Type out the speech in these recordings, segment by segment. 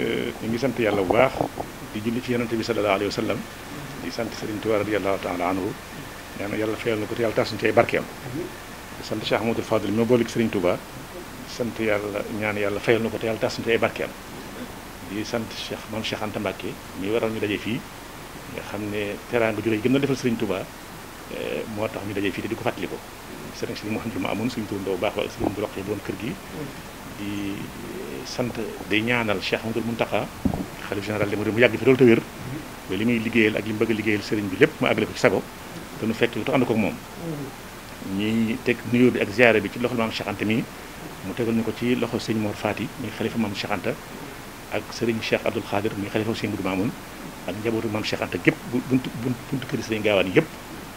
Eh, ñu ngi sant yàlla bu baax di julli ci yonente bi sallallahu alayhi wa sallam di sant Serigne Touba radiyallahu taala anhu nee na ko te yàlla tas ñu ci ay barkeem di sant Cheikh Amadou Fadil moo booleeg Serigne Touba sant yàlla ñaan yàlla fayal na ko te yàlla tas ñu ci ay barkeem di sant Cheikh moom Cheikh Anta Mbacke mi waral ñu daje fii nga xam ne teraanga ju rëy gën a defal Serigne tuba eh, moo tax ñu daje fii te di ko fàttali ko Serigne Serigne Mouhamadou Mamoun suñu turandoo bu baax wala Serigne bu roqee boon kër gi sant di ñaanal Cheikh Amadou Mountakha xalif général li mu mu yàgg fi loolu te wér li muy liggéeyal ak li mu bëgg a sëriñ bi lépp mu àggale ko ci sago te nu fekk te ànd ko ak moom ñuy teg nuyoo bi ak ziyaare bi ci loxol maam Cheikh Anta mi mu tegal ñu ko ci loxo sëñ Mor Fati muy xalifa maam Cheikh Anta ak sëriñ Cheikh Abdoul Khadir muy xalifa sëñ Moudou Mamoun ak njabootu maam Cheikh gépp buntu buntu kër Gaawaan yëpp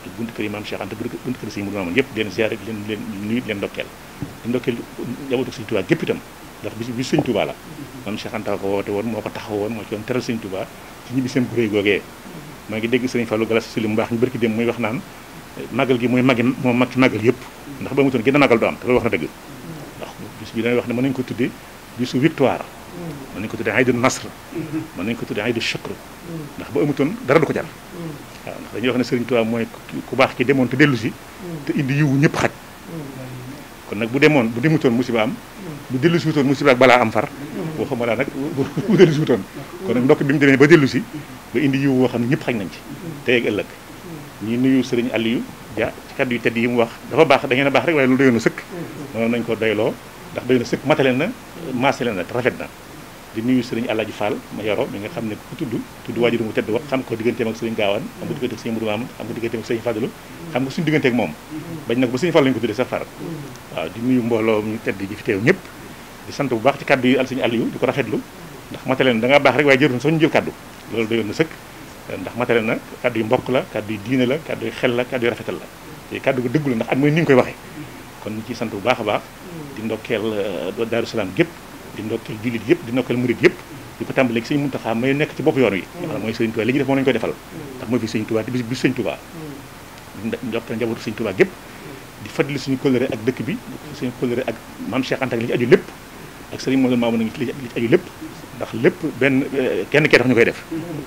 ak buntu kër yi maam Cheikh Anta buntu kër sëriñ Moudou Mamoun yëpp leen ziyaare leen leen ndokkeel di ndax bis bi sëñ Touba la moom Cheikh Anta ko woote woon moo ko taxaw woon moo ci doon teral sëñ Touba ci ñibbi seen kuréel googee maa ngi dégg sëriñ Fallou Galas si mu baax ñu barki dem muy wax naan màggal gi mooy màggi moo mag ci màggal yëpp ndax ba mu toon gën a màggal du am te loolu wax na dëgg ndax bis bi dana wax ne mën nañu ko tudde bisu victoire mën nañu ko tudde ay de nasr mën nañu ko tudde ay de chakr ndax ba amutoon dara du ko jar waaw ndax dañuy wax kon nag bu demoon bu demutoon musiba am bu dellu siwutoon musiba ak balaa am far waxuma laa nag bu dellu siwutoon kon nag ndokk bi mu demee ba dellu si ba indi yiw woo xam ne ñëpp xañ nañ ci tey ak ëllëg ñu nuyu sëriñ Aliou Dia a a ma yoro mi nga xam ne ku tudd tudd waajur mu tedd xam ko digganteem ak sëriñ Gaawaan xam ko digganteem ak sëriñ Mudu xam nga suñu diggante ak moom bañ na ko ba suñu fal lañ ko tuddee sax far waaw di nuyu mbooloo ñu tedd ji fi teew ñëpp di sant bu baax ci kaddu yu al suñu àll yu di ko rafetlu ndax matale na da ngaa baax rek waaye jëruñ sax ñu jël kaddu loolu doyoon na sëkk ndax matale na kaddu yu mbokk la kaddu yu diine la kaddu yu xel la kaddu yu rafetal la te kaddu gu dëggu la ndax at mooy ni nga koy waxee kon ñu ciy sant bu baax a baax di ndokkeel euh, daaru salaam gépp di ndokkeel jullit yëpp di ndokkeel murit yëpp di ko tàmbalee ci sëñ nekk ci bopp yoon wi mooy def moom lañu koy defal ndax njokkale njabootu sëñ Tuubaa gépp di fàttali suñu kóllëre ak dëkk bi suñu kóllëre ak maam Cheikh Anta li ci aju lépp ak sëriñ Modou Mamoun ngi li ci aju lépp ndax lépp benn eh, kenn kee tax ñu koy def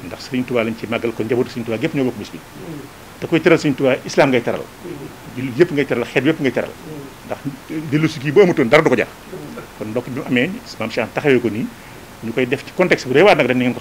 ndax sëriñ Tuubaa lañ ci màggal kon njabootu sëriñ Tuubaa gépp ñoo bokk bis bi te koy teral sëriñ Tuubaa islam ngay teral jullit yëpp ngay teral xeet yëpp ngay teral ndax dellu si kii bu amutoon dara du ko jar kon ndokk bi mu amee maam Cheikh taxawee ko nii ñu koy def ci contexte bu réewaat nag dañ ngeen ko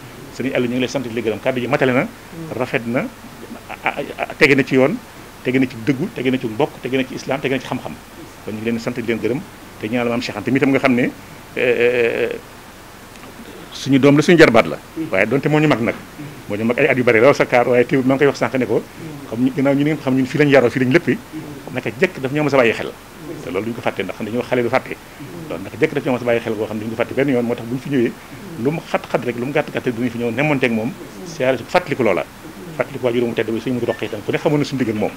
sëriñ Aliou ñu ngi lay sant di la gërëm kàddu ji matale na rafet na tege na ci yoon tege na ci dëggu tege na ci mbokk tege na ci islam tege na ci xam-xam kon ñu ngi leen sant leen gërëm te ñaanal maam eh, eh, mag nag moo ñu mag ay at yu bari lool sa kaar waaye teewul maa ngi koy wax sànq ne ko xam ñu ginnaaw ñu ni xam ñun fii lañ yaroo fii lañ léppi naka jëkk daf ñoo ma sa bàyyi xel te loolu duñu ko fàtte ndax xam dañoo xale du fàtte loolu naka jëkk daf lu mu xat-xat rek lu mu gàtt gàtt bi mu fi ñëw nemonteeg moom siyaare si fàttaliku loola fàttaliku waajur mu tedd bi suñu mu roqee itam ku ne xamoon na suñu diggan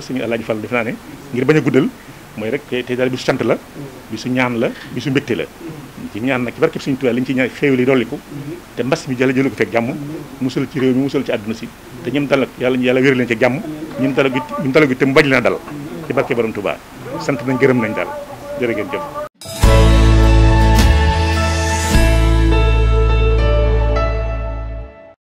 suñu Alaaji Fall def naa ne ngir bañ a guddal mooy rek tey daal bi su sant la bi su ñaan la bi su mbégte la ci ñaan nag ci barkeb suñu Tuubaa li ñu ci ñaan xéewal yi dolliku te mbas mi jële ci àdduna si te ñim dal nag wér leen ci jàmm ñim dalagu ñim dalagu te mu bañ leen a dal ci barke borom Tuubaa